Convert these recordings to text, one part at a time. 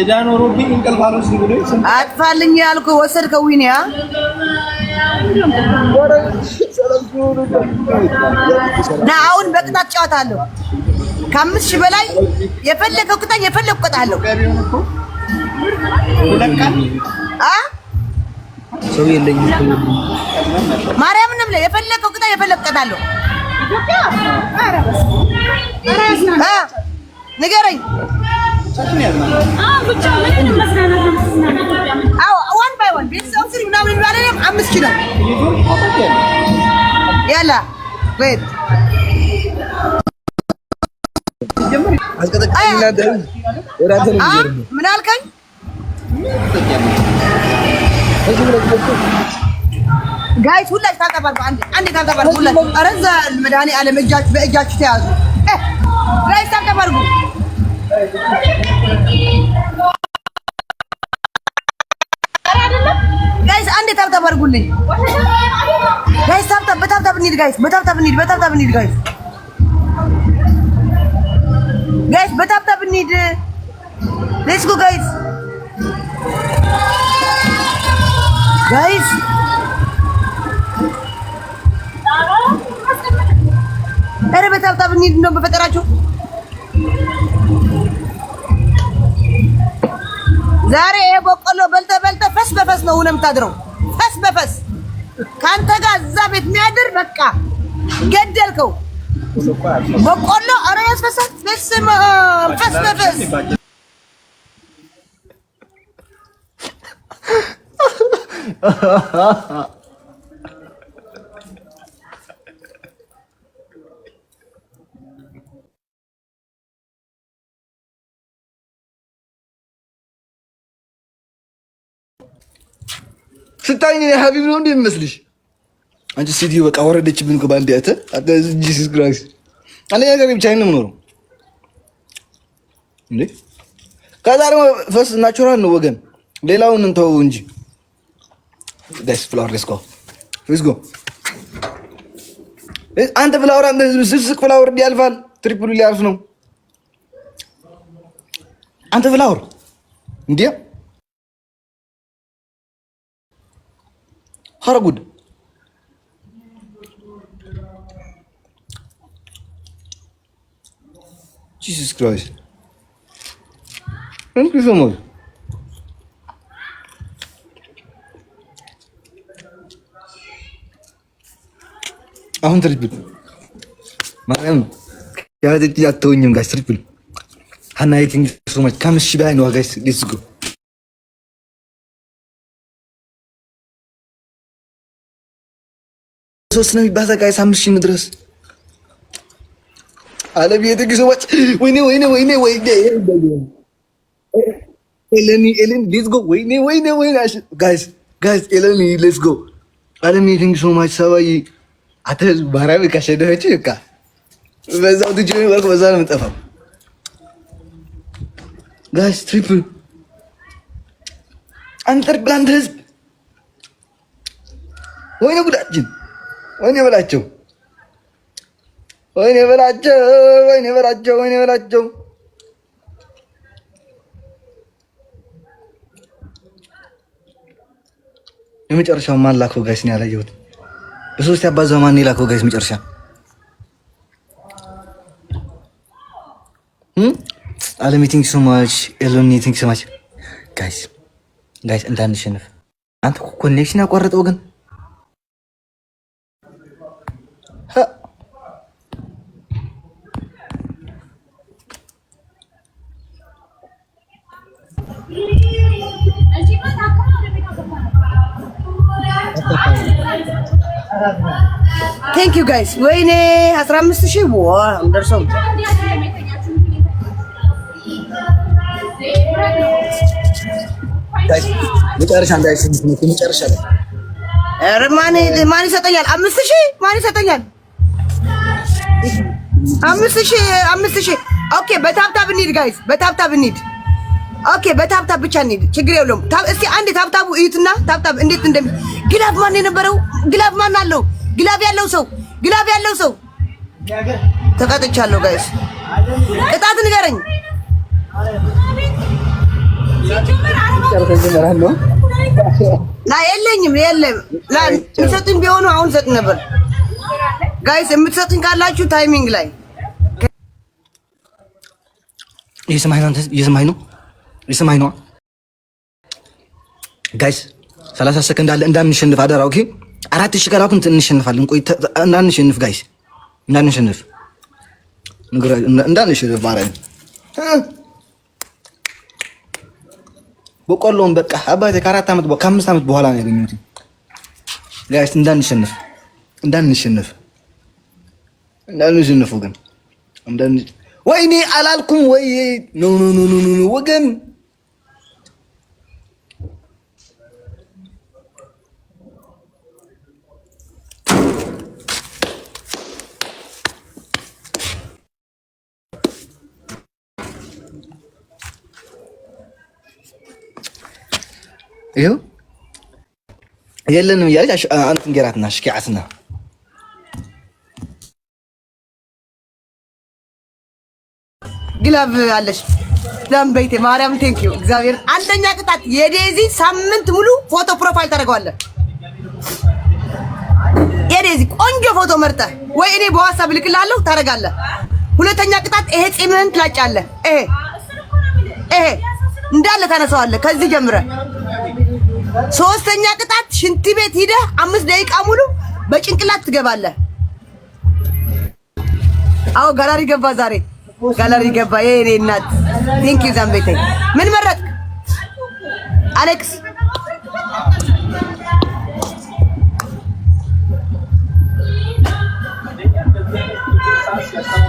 እዳ ኖሮብኝ እንቅልፍ አልወስድ ብሎኝ አጥፋልኝ ያልኩህ ወሰድከው። ዊኒያ ና አሁን በቅጣት ጨዋታለሁ። ከአምስት ሺህ በላይ የፈለገው ቅጣኝ፣ የፈለገው እቀጣለሁ። ሰው የለኝም። ማርያም የፈለገው ቅጣኝ፣ የፈለገው እቀጣለሁ። ንገረኝ። ዋን ባይ ዋን አምስት ኪሎ ያላ ምን አልከኝ? ጋይስ ሁላችሁ ታጠባሉ። አንዴ ታጠባሉ። ሁላችሁ ኧረ እዛ መድኃኒዓለም በእጃችሁ ተያዙ። ጋይስ ታጠባሉ። ጋይስ አንዴ ታብታብ አድርጉልኝ። ጋይስ ታብታብ በታብታብ እንሂድ። ጋይስ በታብታብ እንሂድ። በታብታብ እንሂድ። ጋይስ ጋይስ በታብታብ እንሂድ። ሌትስ ጎ ጋይስ ጋይስ ኧረ በታብታብ እንሂድ ነው በፈጠራችሁ ዛሬ ይሄ በቆሎ በልተ በልተ ፈስ በፈስ ነው ሁነም ታድረው ፈስ በፈስ ካንተ ጋር እዛ ቤት የሚያድር በቃ ገደልከው። በቆሎ ኧረ ያስፈሳል። ፈስ ፈስ በፈስ ስታይ እኔ ሀቢብ ነው እንዴ የሚመስልሽ? አንቺ ሴትዮ በቃ ወረደች። ምን ባንዴ። አንተ አንተ ጂሱስ ክራይስት አንደኛ ነገር ብቻ ነው የምኖረው እንዴ። ከዛ ደግሞ ፈስ ናቹራል ነው ወገን፣ ሌላውን እንተው እንጂ ደስ ፍላወር ሌትስ ጎ ሌትስ ጎ። አንተ ፍላወር አንተ ስብስቅ ፍላወር ያልፋል፣ ትሪፕሉ ሊያልፍ ነው። አንተ ፍላወር እንዴ ፈረጉድ ጂሱስ ክራይስት ንክ ሰሞ አሁን ትሪፕል ማርያም ያደት ያተውኝም ጋይስ ትሪፕል ሀና የኪንግ ሶማች ከምሽ በላይ ነው ጋይስ ሌትስ ጎ ሶስት ነው የሚባል ተቃይ ሳምንት ሺህ ድረስ አለም የትግ ሰዎች ወይኔ ወይኔ ወይኔ ወይኔ ኤለኒ ኤለን ሌትስ ጎ ወይኔ ወይኔ ወይኔ ጋይስ ጋይስ ኤለኒ ሌትስ ጎ አለም የትግ ሰው ማች ሰባይ አተ ባህራዊ ካሸደፈች በቃ በዛው ትጅ ወርክ በዛ ነው የምጠፋው ጋይስ ትሪፕ አንተር ብላንድ ህዝብ ወይኔ ጉዳችን ወይኔ በላቸው፣ ወይኔ በላቸው፣ ወይኔ በላቸው፣ ወይኔ በላቸው። የመጨረሻው ማን ላከው ጋይስ? ነው ያላየሁት። በሶስት ያባዛው ማን ላከው ጋይስ? መጨረሻ አለም ቲንክ ሶ ማች ኤሎን ቲንክ ሶ ማች ጋይስ፣ ጋይስ እንዳንሸንፍ። አንተ ኮኔክሽን ያቋረጠው ግን ቴንክ ዩ ጋይስ። ወይኔ 15 ሺህ ደርሰው ማን ይሰጠኛል? 5 ሺህ ማን ይሰጠኛል? አምስት ሺህ አምስት ሺህ ኦኬ። በታብታብ እንሂድ ጋይስ፣ በታብታብ እንሂድ። ኦኬ፣ በታብታብ ብቻ እንሂድ፣ ችግር የለውም። እስኪ አንድ ታብታቡ እዩትና ታብታብ እንዴት እንደሚ ግላብ ማን የነበረው ግላብ ማን አለው? ግላብ ያለው ሰው ግላብ ያለው ሰው ተቀጥቻለሁ። ጋይስ ቅጣት ንገረኝ። የለኝም የለም። የሚሰጡኝ ቢሆኑ አሁን ሰጥ ነበር። ጋይስ የምትሰጡኝ ካላችሁ ታይሚንግ ላይ የሰማይ ነው የሰማይ ነው የሰማይ ነው ጋይስ ሰላሳ ሰከንድ አለ እንዳንሸንፍ አደራ። ኦኬ አራት ሺህ ጋር አሁን እንሸንፋለን። ቆይ እንዳንሸንፍ ጋይስ እንዳንሸንፍ እንዳንሸንፍ ማረኝ። በቆሎውን በቃ አባቴ ከአራት ዓመት ከአምስት ዓመት በኋላ ነው ያገኘሁት ጋይስ። እንዳንሸንፍ እንዳንሸንፍ እንዳንሸንፍ ወገን ወይኔ አላልኩም ወይ ኖ ኖ ኖ ኖ ወገን ይኸው የለንም እያለች አንትን ጌራትና ሽኪዓትና ግላብ አለሽ ላም በይቴ ማርያም ቴንክ ዩ እግዚአብሔር። አንደኛ ቅጣት የዴዚ ሳምንት ሙሉ ፎቶ ፕሮፋይል ታደርገዋለህ። የዴዚ ቆንጆ ፎቶ መርጠህ ወይ እኔ በዋትስአፕ ልክልሃለሁ ታደርጋለህ። ሁለተኛ ቅጣት ይሄ ፂምህን ትላጫለህ። ይሄ ይሄ እንዳለ ታነሳዋለህ ከዚህ ጀምረህ ሶስተኛ ቅጣት ሽንት ቤት ሂደህ አምስት ደቂቃ ሙሉ በጭንቅላት ትገባለህ። አዎ ጋላሪ ገባ፣ ዛሬ ጋላሪ ገባ። የኔ እናት ቴንክ ዩ ዛምቤቴ። ምን መረጥ አሌክስ?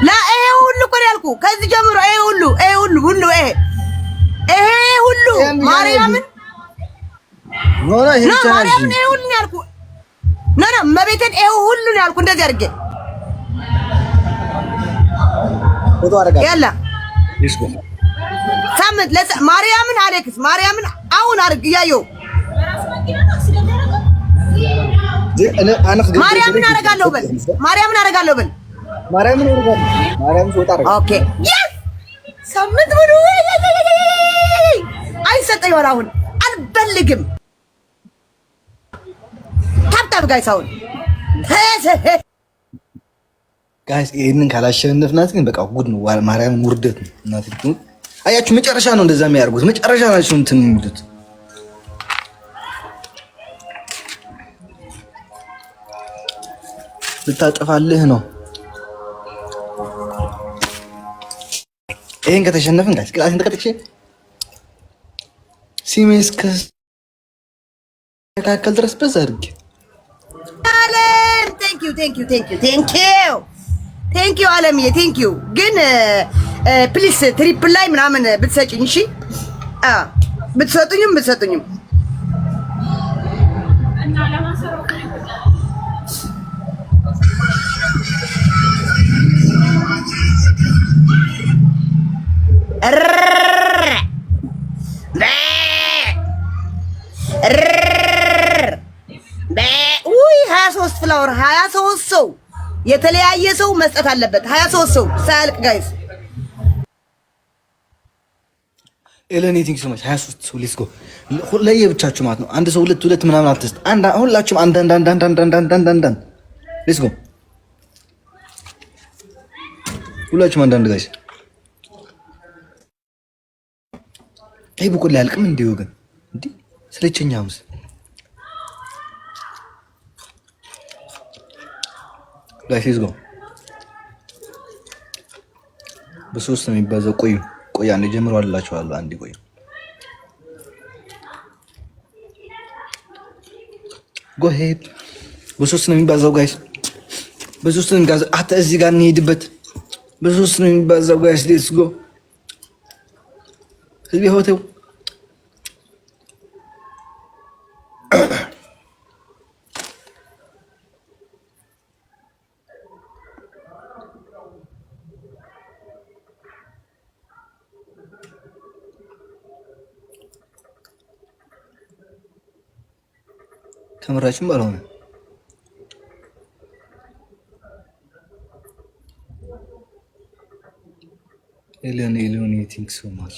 ላ ይሄ ሁሉ ቆን ያልኩ ከዚህ ጀምሮ ይሄ ሁሉ ይሄ ሁሉ ሁሉ ይሄ ይሄ ሁሉ ማርያምን ማርያምን ይሄ ሁሉን ያልኩህ ኖ ኖ መቤቴን ይሄ ሁሉን ያልኩህ እንደዚህ አድርጌ ሳምንት ማርያምን አሌክስ ማርያምን አሁን አድርግ እያየሁ ማርያምን አደርጋለሁ በል ማርያምን አደርጋለሁ በል ሳምንት ሙሉ አይሰጠኝ ወር አሁን አልፈልግም። አታብ ጋይስ አሁን ጋይስ ይሄንን ካላሸነፍናት ግን በቃ ጉድ ነው። ማርያም ውርደት ነው። እናት አያችሁ፣ መጨረሻ ነው እንደዛ የሚያደርጉት መጨረሻ ናቸው እንትን የሚሉት ልታጠፋልህ ነው። ይሄን ከተሸነፍን ጋይስ ቅጣትን ተቀጥቼ ሲሜስ ከካከል ድረስ በዛ አድርጌ አለም ቴንክ ዩ ቴንክ ዩ ቴንክ አለምዬ ቴንክ ግን ፕሊስ ትሪፕል ላይ ምናምን ብትሰጭኝ እሺ፣ ብትሰጡኝም ብትሰጡኝም እ ወር ሀያ ሶስት ሰው የተለያየ ሰው መስጠት አለበት። ሀያ ሶስት ሰው ሳያልቅ ጋይዝ ኤለን ቲንክ 23 ሰው ሌትስ ጎ ማለት ነው። አንድ ሰው ሁለት ሁለት ምናምን አትስት አንድ ሁላችሁም አንድ አንድ አንድ አንድ አንድ አንድ አንድ አንድ አንድ ሌትስ ጎ ሁላችሁም አንድ አንድ ጋይስ። ይሄ ብቁ ላይ አልቅም ስለቸኛ ጋይስ ጎ በሶስት ነው የሚባዛው። ቆይ ቆይ አንዴ ጀምሮ አላችኋለሁ። አንዴ ቆይ ጎ ሄድ በሶስት ነው የሚባዛው ጋይስ። በሶስት ነው የሚባዛው። አታ እዚህ ጋር እንሄድበት። በሶስት ነው የሚባዛው ጋይስ። ሌትስ ጎ ህዝቤ ሆቴው ከምራችን ባልሆነ ኤለን ኤለን ቲንክ ሶ ማች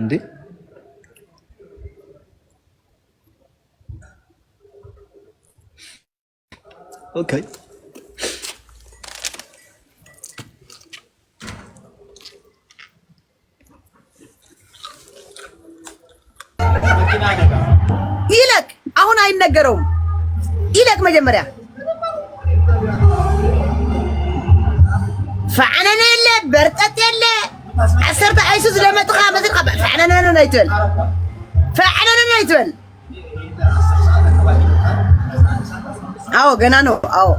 እንዴ ኦኬ አይነገረውም። ይለቅ መጀመሪያ ፈዓነነ የለ በርጠት የለ ዓሰርተ ዓይሱስ ለመጥኻ መዝልካ ፈዓነነነ ይትበል ፈዓነነነ ይትበል። አዎ ገና ነው። አዎ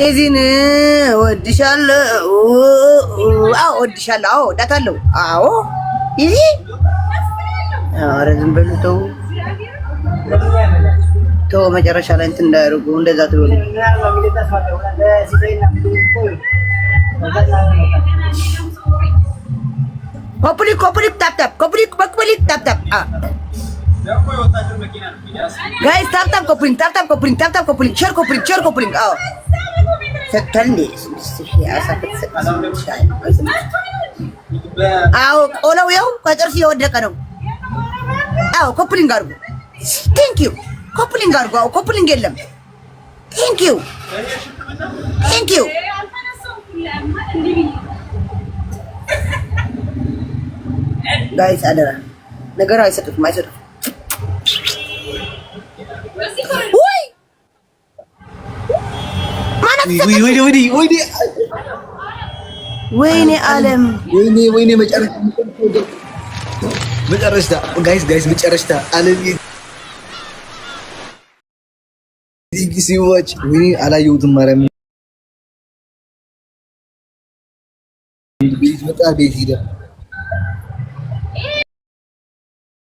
ዴዚን እወድሻለሁ። አዎ እወድሻለሁ። አዎ እወዳታለሁ። አዎ ይዚ ኧረ ዝም በሉ ተው ተው። መጨረሻ ላይ እንትን እንዳያደርጉ እንደዛ ትበሉ። ኮፕሊክ ኮፕሊክ ታፕ ታፕ ኮፕሊክ ኮፕሊክ ታፕ ታፕ Guys, tap tap copring, tap tap copring, tap tap copring, share copring, share copring. Oh, September. Oh, ah, hola, yo. Cuatro si yo de caro. Ah, copring garbo. Thank you. Copring garbo, ah, copring gelam. Thank you. Thank you. Guys, ada. Negara saya tuh, saya tuh. ወይኔ ዓለም ወይኔ ወይኔ መጨረሻ ጋይስ ጋይስ መጨረሻ ዓለም ሲዋጭ ወይኔ አላየሁትም። ማርያም ቤት መጣ ቤት ሄደ።